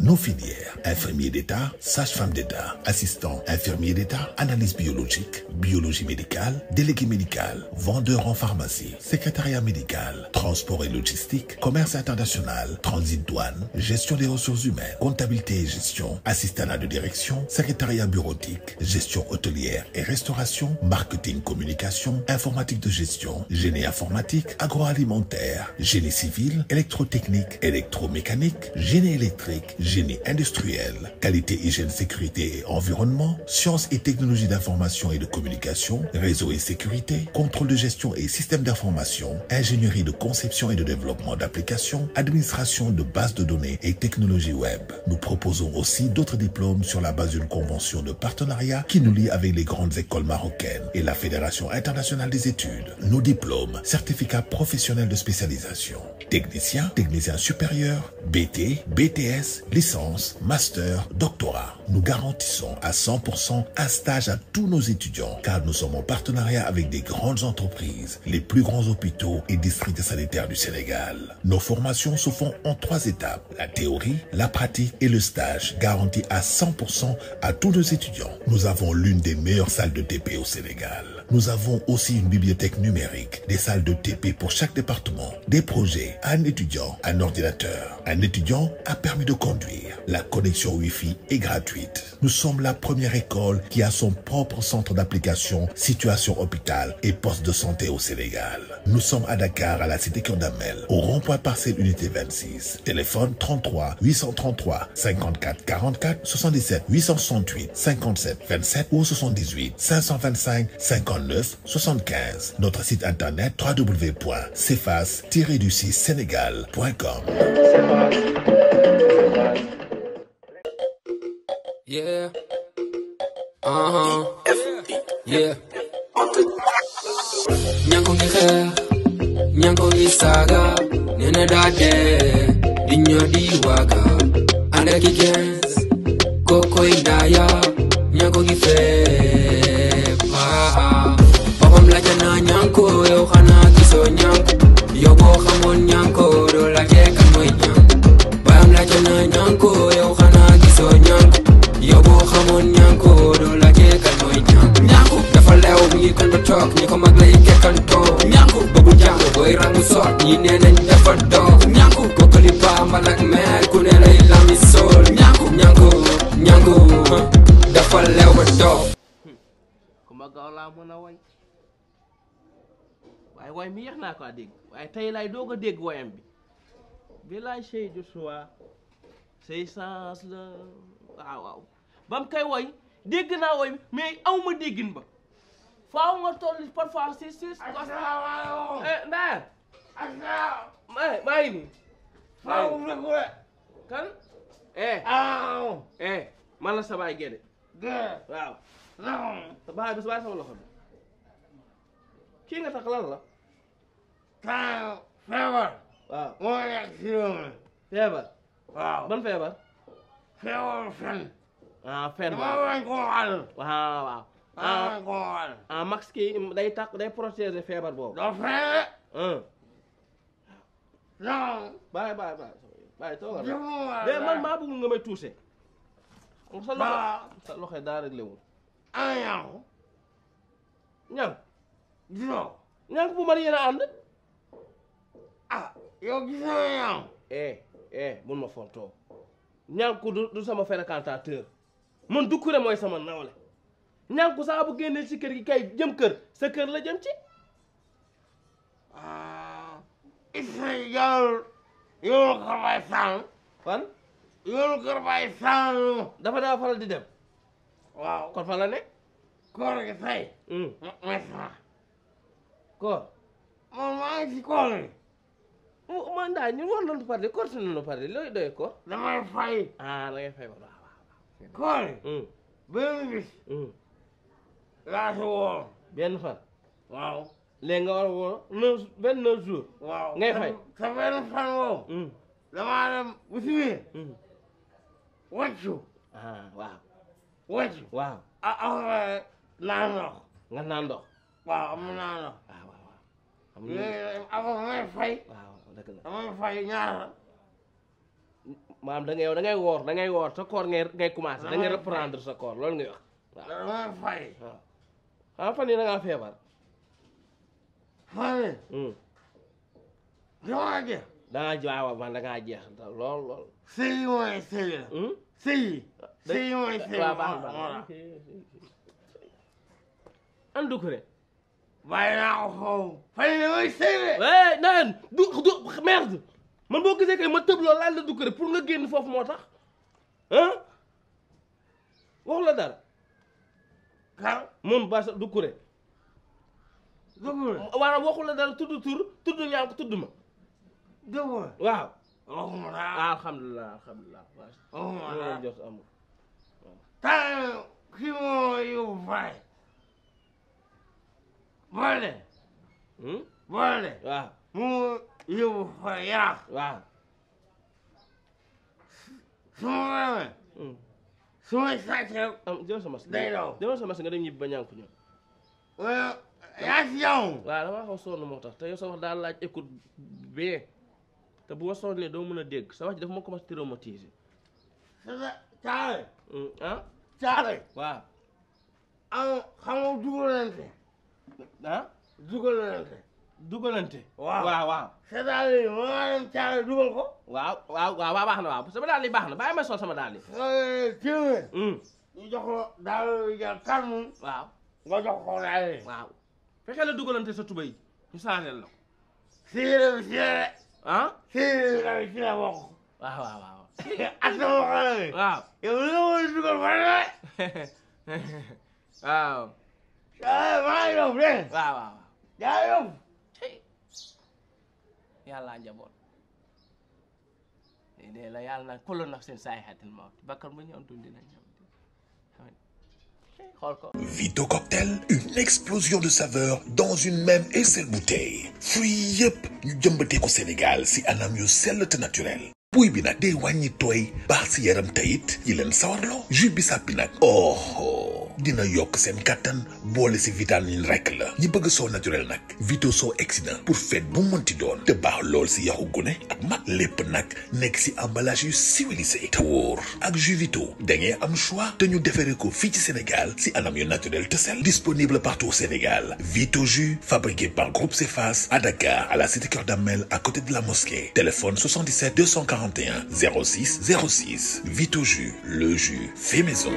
nos filières. Infirmiers d'État, sage-femme d'État, assistant, infirmiers d'État, analyse biologique, biologie médicale, délégué médical, vendeur en pharmacie, secrétariat médical, transport et logistique, commerce international, transit douane, gestion des ressources humaines, comptabilité et gestion, à de direction, secrétariat bureautique, gestion hôtelière et restauration, marketing communication, informatique de gestion, génie informatique, agroalimentaire, génie civil, électrotechnique, électromécanique, génie électrique, génie industriel, qualité, hygiène, sécurité et environnement, sciences et technologies d'information et de communication, réseau et sécurité, contrôle de gestion et système d'information, ingénierie de conception et de développement d'applications, administration de bases de données et technologies web. Nous proposons aussi d'autres diplômes sur la base d'une convention de partenariat qui nous lie avec les grandes écoles marocaines et la Fédération internationale des études. Nos diplômes, certificats professionnels de spécialisation, technicien, technicien supérieur, BT, BTS, licence, master, doctorat. Nous garantissons à 100% un stage à tous nos étudiants car nous sommes en partenariat avec des grandes entreprises, les plus grands hôpitaux et districts sanitaires du Sénégal. Nos formations se font en trois étapes, la théorie, la pratique et le stage garantis à 100% à tous nos étudiants. Nous avons l'une des meilleures salles de TP au Sénégal. Nous avons aussi une bibliothèque numérique, des salles de TP pour chaque département, des projets, un étudiant, un ordinateur, un étudiant, a permis de conduire la connexion Wi-Fi est gratuite. Nous sommes la première école qui a son propre centre d'application, situation hôpital et poste de santé au Sénégal. Nous sommes à Dakar, à la cité Kondamel, au rond-point parcelle unité 26. Téléphone 33 833 54 44 77 868 57 27 ou 78 525 59 75. Notre site internet wwwcefas du sénégalcom Yeah. Uh huh. Yeah. Nyanko Gihe, Nyanko Gisaga, Nene Dade, Dinyo Diwaga, Andaki Gang. laa mën a woy waaye naa ko a dégg waaye tey doog a dégg woyam bi bi Joshua say sens la waaw waaw ba dégg naa woy bi mais déggin ba faaw nga toll parfois si si asalaamaaleykum ndaa eh, asalaam maa ngi nii maa kan eh ah eh man la sabaay te bàyyi bis bàyyi sama loxo bi kii nga tax lan la. temps feebar. waaw moo nekk si réew mi. feebar. waaw ban feebar. feebar fen. ah fen waaw dama bañ koo wàll. waaw waaw. dama bañ koo wàll. ah max kii day tax day protéger feebar boobu. doo feebar. Ah. non. bàyyi bàyyi bàyyi bàyyi toogal. man maa bëgg nga may touché. sa loxo sa loxo daa réglé wul añaaw ñan gisoo ñan bu mën yéen a ànd ah, eh, eh, mun ma fontoo du du sama mooy sama nawle ñànku saa bu génnee si kër gi kay jëm kër sa kër la jëm ci ah, isa jall yoonu kër bay sànn fan yoonu kër dafa daa faral di dem waaw kon fan la nekk. koor gi hmm. koor. man maa ngi ci koor gi. man daal ñun war nañu parler koor si nañu looy doy koor. damay fay. ah da ngay fay waaw waaw waaw. koor gi. Hmm. Hmm. nga war a woor benn neuf jours. waaw ngay fay sa biir. wàccu. ah wetu. waaw ah ah eh, naan nga naan waaw naa ndox. waaw waaw waaw ah, dëgg la damay fay ñaara. maanaam da ngay yow da ngay woor da ngay woor sa koor ngay ngay commencé. da ngay reprendre sa koor loolu ngay ah, fan yii da ngaa feebar. fan yii. Hmm. damaa jeex. da man da jeex lool mooy sëy sëy mooy sëy waaw an dukure bàyyi naa ko foofu fay ne mooy sëy de naan du du merde man boo gisee kay ma tëb loolu laal la dukure pour nga génn foofu moo tax ah wax la dara kan moom basa dukure dukure waaw waxu la dara tudd tur tudd ñaa ko tudd ma dukure waaw waxuma dara alhamdulilah alhamdulilah waaw jox amul tan ki moo yu fay boole boole waaw mu yu fay yaax waaw su ma demee su ma sàccee mas day daw demal sa mas nga dem ñibbi ba ñànku ñëw yaa si jàmm waaw damaa xaw sonn moo tax te yow sa wax daal laaj écoute bien te bu ma sonnee doo mën a dégg sa wax ji dafa ma commencé traumatiser caare mm, ah caare waaw am xam nga dugalante ah dugalante dugalante waaw waaw waaw sa daal yi ma nga dem caare dugal ko waaw waaw waaw waaw baax na waaw sama daal yi baax na bàyyi ma sol sama daal yi eh, téeméer mm. ñu jox ko daal yi jar karmu waaw nga jox ko daal yi waaw fekkee la dugalante sa tuba yi ñu saareel la ko si yére bi si yére ah si yére bi si la bokk waaw waaw waaw Wow. Vito cocktail, une explosion de saveur dans une même et seule bouteille. Free nous sommes au Sénégal, c'est un mieux sel naturel. buy bi nag day wàññi tooy baax si yaram tayit yi leen sawarloo jus bi sàppi nag oh, oh. dina yok sen katan boole si vitamine rek la ñi bëgg so naturel nak vito so accident. pour faire bu mënti doon te baax lool si yaxu gune ak mag lépp nak si emballage civilisé Tour. wóor ak jus vito da amchoa. am choix te ñu ko ci Sénégal si anam yu naturel te disponible partout au Sénégal vito jus fabriqué par Groupe Cefas à Dakar à la cité cœur Damel à côté de la mosquée téléphone 77 241 06 06 vito jus le jus fait maison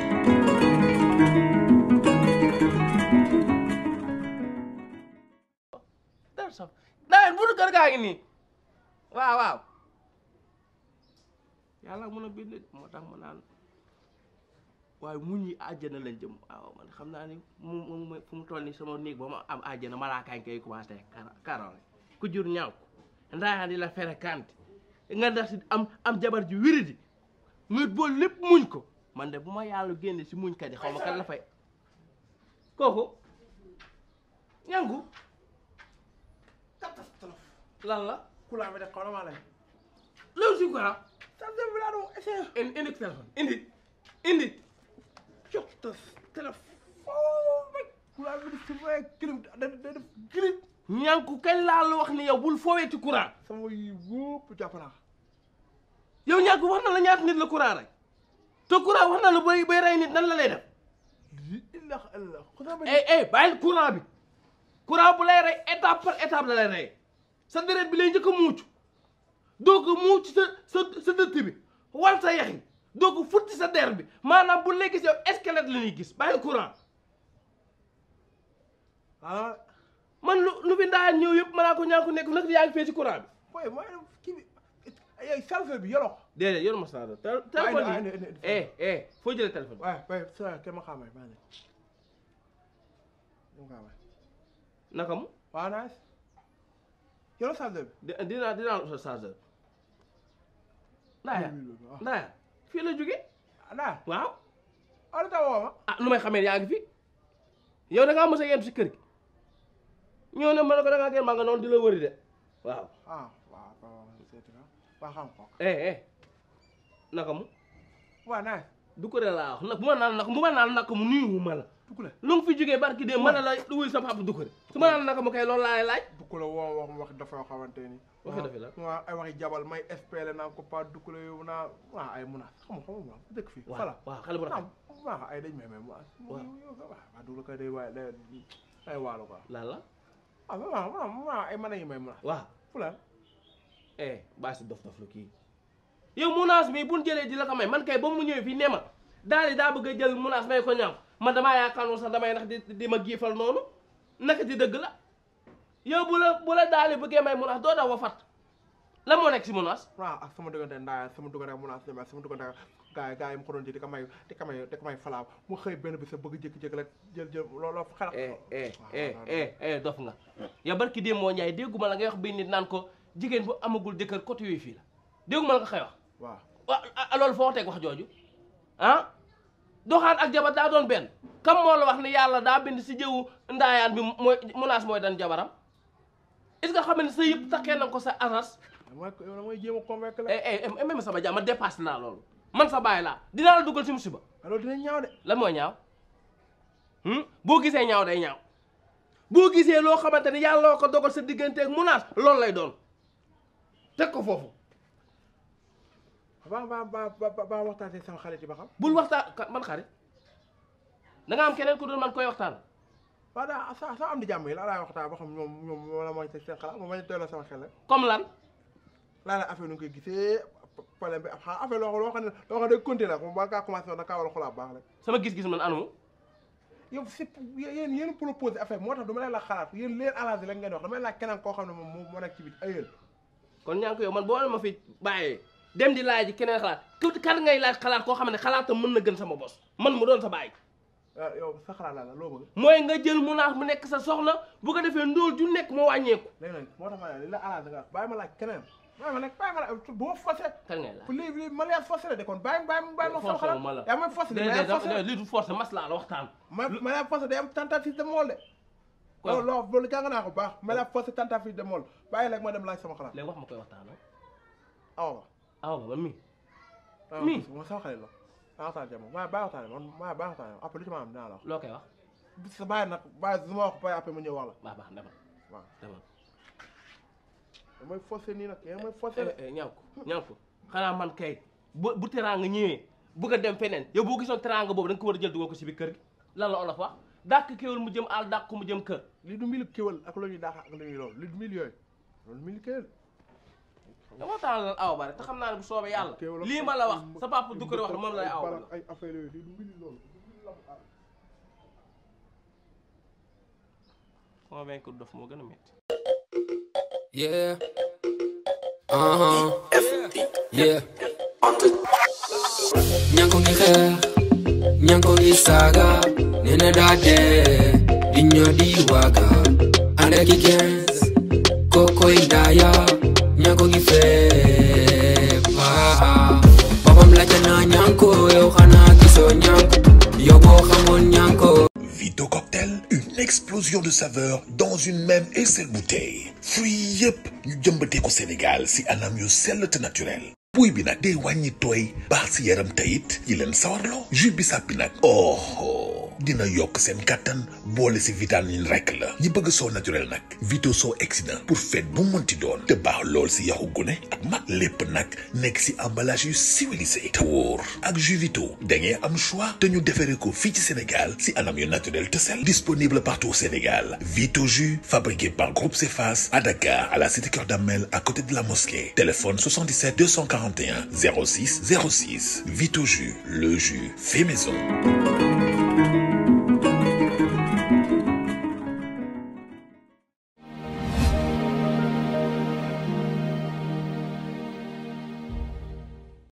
ini. Wow, wow. yàlla mën a bind moo tax mu naan waaye muñ yi aja lañ jëm waaw man xam naa ni mu fu mu toll nii sama néeg ma am aja malaakaañ koy commencé karool ku jur ñaaw ko ndaayaan di la fere kante nga ndax si am am jabar ji wiridi nga bool lépp muñ ko man de bu ma yàlla génne si muñ ka yi xaw kan la fay kooku ñangu lan la. kulaa bi de xaw na maa lay. loolu si quoi. sànq bi laa doon essayé. indi indi téléphone indi indi. jox ta téléphone. kulaa bi de su kilim da kilim. ñànku kañ laa la wax ni yow bul foowee ci courant. sama yi wóob jàpp naa. yow ñànku wax na la ñaata la courant rek. te courant wax na la bay bay rey nit nan la lay def. illah allah. eh, eh bi. courant bu lay rey étape par étape la sa deret bi lay njëkk a muucu doo ko muuc sa sa sa dëtt bi wal sa yaxi doo ko futti sa der bi maanaam bu lay gis yow squelette la ñuy gis bàyyi courant ah man lu lu fi ndaan ñëw yëpp mën naa ko ñaan ko nekk nag yaa ngi fee ci courant bi booy mooy kii bi yow salfe bi yoroo déedéet yoru ma salfe téléphone eh eh foo jëlee téléphone bi waay sa ke ma xaamay maa ngi naka mu waaw nice yoroo chargeur bi. dinaa dinaa chargeur. ndaaya ndaaya fii waaw. wala taw woo ah nu may xamee yaa fi yow da ngaa mos a yendu si kër gi ñoo ma ne ko da ngaa gën maa nga di la wëri de waaw. ah waaw ko. eh, eh. mu. waaw naaj. du ko de laa naan nag bu mu nuyu ma Dukure lu nga fi jógee barki de mën la wuy sa papa Dukure su ma naan naka ma koy loolu laa lay laaj. Dukure woo wax mu wax dafa xamante ni. waxi dafa la waaw ay waxi jabal may SPL naa ko pas a xam nga xam la. ah waaw a a. Eh, mi bu ñu jëlee di man kay ba mu ñëwee fii nee daal di daa bëgg a jël munaas may ko ñaaw man damaa yaakaaroon sax dama nak di di ma gifal noonu nak di deug la yow ya, bu la bu la daali bëggee may munaas do da wa fat la moo nekk si munaas wa ak ah, sama diggante ndaaya sama diggante munaas ñoom ak sama diggante gaay gaay mu ko eh, eh, di ko may di may di may falaaw mu xey benn bi sa bëgg jékki-jékki la jël jël looloo xalaat eh eh eh eh, eh dof nga Ya barki dee mo ñaay deguma la ngay wax bi nit nan ko jigen bu amagul jëkkër côté wi fi la dégguma la ko xey wax waaw loolu foo tek wax joju ah doxaan ak jabar daa doon benn kam moo la wax ne yàlla daa bind si jëwu ndaayaan bi mooy munaas mooy dan jabaram est-ce que xam ne sa yëpp takkee na ko sa aras damay jéem a convaincre la eh, eh, eh, sama jàmm ma naa loolu man sa bàyyi laa dinaa la dugal si musiba ah, loolu dinañ ñaaw de la moo ñaaw hmm? boo gisee ñaaw day ñaaw boo gisee loo xamante ne yàlla ko dogal sa digganteeg munaas loolu lay doon teg ko foofu ba ba ba ba waxtaanee sama xarit yi ba xam. bul waxtaan man xarit da nga am keneen ku doon man koy waxtaan. waaw sa sa jàmm yi la laay waxtaan ba xam ñoom ñoom moom la mooy seen la doon la affaire nu koy gisee problème bi loo xam ne loo xam ne day continuer moom ba nag kaa war a xoolaat baax rek. sama gis-gis man anu yow si yéen yéen proposé affaire moo tax dama leen la xalaat yéen leen arrangé la ngeen wax dama leen laaj keneen koo xam ne moom moo nekk ci biir ayel kon ñaa ko yow man boo ma fi bàyyee dem di laaj keneen xalaat ku kan ngay laaj xalaat koo xam ne xalaat xalaatam mën na gën sama bos man mu doon sa bàyyi. Ah, yow sa xalaat la loo bëgg. mooy nga jël menace mu nekk sa soxla bu ko defee ndóol ju nekk moo wàññeeku. léegi nag moo tax ma ne li la arrangé nga bàyyi ma laaj keneen bàyyi ma nag bàyyi ma laaj bu ma forcé. kan ngay laaj léegi de kon bàyyi bàyyi ma loo loolu naa ko baax ma leen forcé tentative de mool bàyyi nag ma dem laaj sama xalaat. léegi wax ma koy waxtaan ah. awa 아우 은미 미! 못 생각할 거. 알아서 하자 뭐. 마 바로 타는 건. 마 바로 타는. 앞으로 좀 하면 나라. 로케 와. sa bàyyi nag bàyyi su ma wax bàyyi après mu ñëw wax la. waaw baax dama waaw dama. damay forcé nii nag yaa may forcé la. ñaaw ko ñaaw ko xanaa man kay bu bu teraanga ñëwee bëgg a dem feneen yow boo gisoon teraanga boobu da nga ko war a jël dugal ko si biir kër gi lan la olof wax dàq kéwél mu jëm àll dàq ko mu jëm kër. li du mil kéwél ak lu ñuy dàq ak lu ñuy lool li du mil yooyu loolu mil kéwél. dama taal lan aw bari te xam naa ne bu soobee yàlla lii ma la wax sa papa du ko wax moom lay aw bari ay affaire yooyu du mbiri loolu convaincre dof moo gën a métti yeah uh-huh. yeah ñanko ngi xeex ñanko ngi saaga nee na daa dee di ñoo di waaga ànd ak i gens kookoy daaya ñanko gi fépp boppam la ca naa ñanko yow xanaa gisoo ñanko yow boo xamoon ñanko Vito cocktail une explosion de saveur dans une même et seule bouteille fruits yëpp ñu jëmbatee ko Sénégal si anam yu sel te naturel buy bi nag day wañi toy baax si yaram tayit yi leen sawarlo jus bi sàppi nag oh, oh dina yok sen kattan bolé ci vitamine rek la ñi bëgg soo naturel nak vito accident pour fête bu monti doon te baax lool si yaxu gune ak mag lépp nekk si emballage civilisé tour wóor ak jus vito da ngeen am choix te ñu defaree ko fi ci Sénégal si anam yu naturel te sel disponible partout au Sénégal vito jus fabriqué par Groupe Cefas à Dakar à la cité cœur Damel à côté de la mosquée téléphone 77 241 06 06 vito jus le jus fait maison